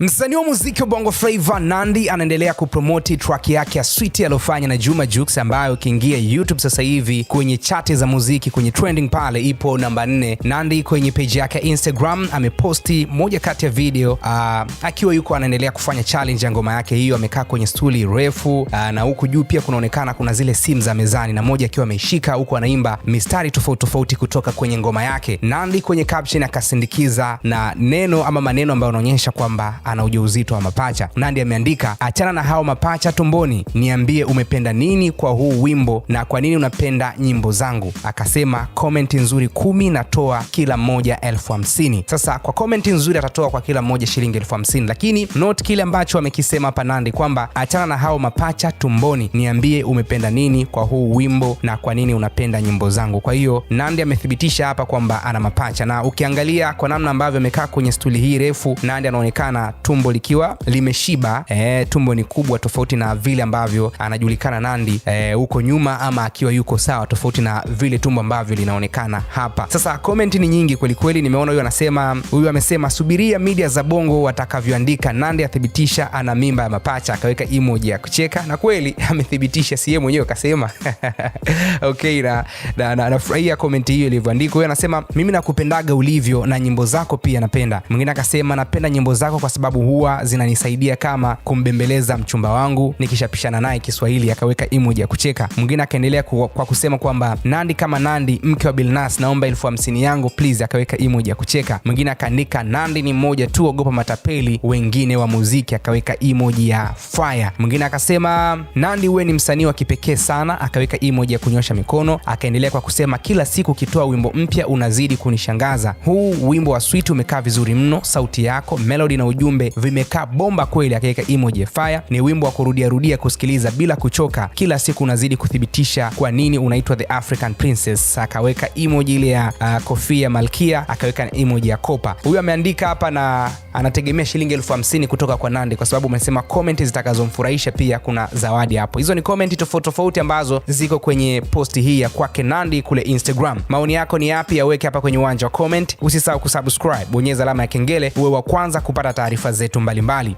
Msanii wa muziki wa Bongo Flava Nandy anaendelea kupromoti track yake ya Sweet aliyofanya na Juma Jux ambayo ukiingia YouTube sasa hivi kwenye chati za muziki kwenye trending pale ipo namba 4. Nandy kwenye page yake ya Instagram ameposti moja kati ya video uh, akiwa yuko anaendelea kufanya challenge ya ngoma yake hiyo, amekaa kwenye stuli refu uh, na huku juu pia kunaonekana kuna zile simu za mezani na moja akiwa ameishika huku anaimba mistari tofauti tofauti kutoka kwenye ngoma yake. Nandy kwenye caption akasindikiza na neno ama maneno ambayo anaonyesha kwamba ana ujauzito wa mapacha. Nandy ameandika, achana na hao mapacha tumboni, niambie umependa nini kwa huu wimbo na kwa nini unapenda nyimbo zangu. Akasema komenti nzuri kumi natoa kila mmoja elfu hamsini. Sasa kwa komenti nzuri atatoa kwa kila mmoja shilingi elfu hamsini, lakini not kile ambacho amekisema hapa Nandy kwamba achana na hao mapacha tumboni, niambie umependa nini kwa huu wimbo na kwa nini unapenda nyimbo zangu. Kwa hiyo Nandy amethibitisha hapa kwamba ana mapacha, na ukiangalia kwa namna ambavyo amekaa kwenye stuli hii refu, Nandy anaonekana tumbo likiwa limeshiba e, tumbo ni kubwa tofauti na vile ambavyo anajulikana nandi eh, huko e, nyuma ama akiwa yuko sawa tofauti na vile tumbo ambavyo linaonekana hapa. Sasa komenti ni nyingi kweli kweli, nimeona huyu anasema huyu amesema subiria media za Bongo watakavyoandika nandi athibitisha ana mimba ya mapacha, akaweka emoji ya kucheka na kweli amethibitisha, si mwenyewe akasema. Okay, na nafurahia na, na komenti hiyo ilivyoandikwa. Huyu anasema mimi nakupendaga ulivyo na nyimbo zako pia napenda. Mwingine akasema napenda nyimbo zako kwa sababu sababu huwa zinanisaidia kama kumbembeleza mchumba wangu nikishapishana naye Kiswahili, akaweka emoji ya kucheka. Mwingine akaendelea kwa kusema kwamba Nandi kama Nandi mke wa Bilnas, naomba elfu hamsini yangu please, akaweka emoji ya kucheka. Mwingine akaandika Nandi ni mmoja tu, ogopa matapeli wengine wa muziki, akaweka emoji ya fire. Mwingine akasema Nandi huwe ni msanii wa kipekee sana, akaweka emoji ya kunyosha mikono. Akaendelea kwa kusema kila siku ukitoa wimbo mpya unazidi kunishangaza, huu wimbo wa Sweet umekaa vizuri mno, sauti yako melody na ujumbe kumbe vimekaa bomba kweli, akiweka emoji ya fire. Ni wimbo wa kurudia rudia kusikiliza bila kuchoka, kila siku unazidi kuthibitisha kwa nini unaitwa The African Princess. Akaweka emoji ile ya uh, kofia malkia, akaweka emoji ya kopa. Huyu ameandika hapa na anategemea shilingi elfu hamsini kutoka kwa nandi kwa sababu umesema comment zitakazomfurahisha, pia kuna zawadi hapo. Hizo ni comment tofauti tofauti ambazo ziko kwenye posti hii ya kwake nandi kule Instagram. Maoni yako ni yapi? Yaweke hapa kwenye uwanja wa comment. Usisahau kusubscribe, bonyeza alama ya kengele uwe wa kwanza kupata taarifa zetu mbalimbali.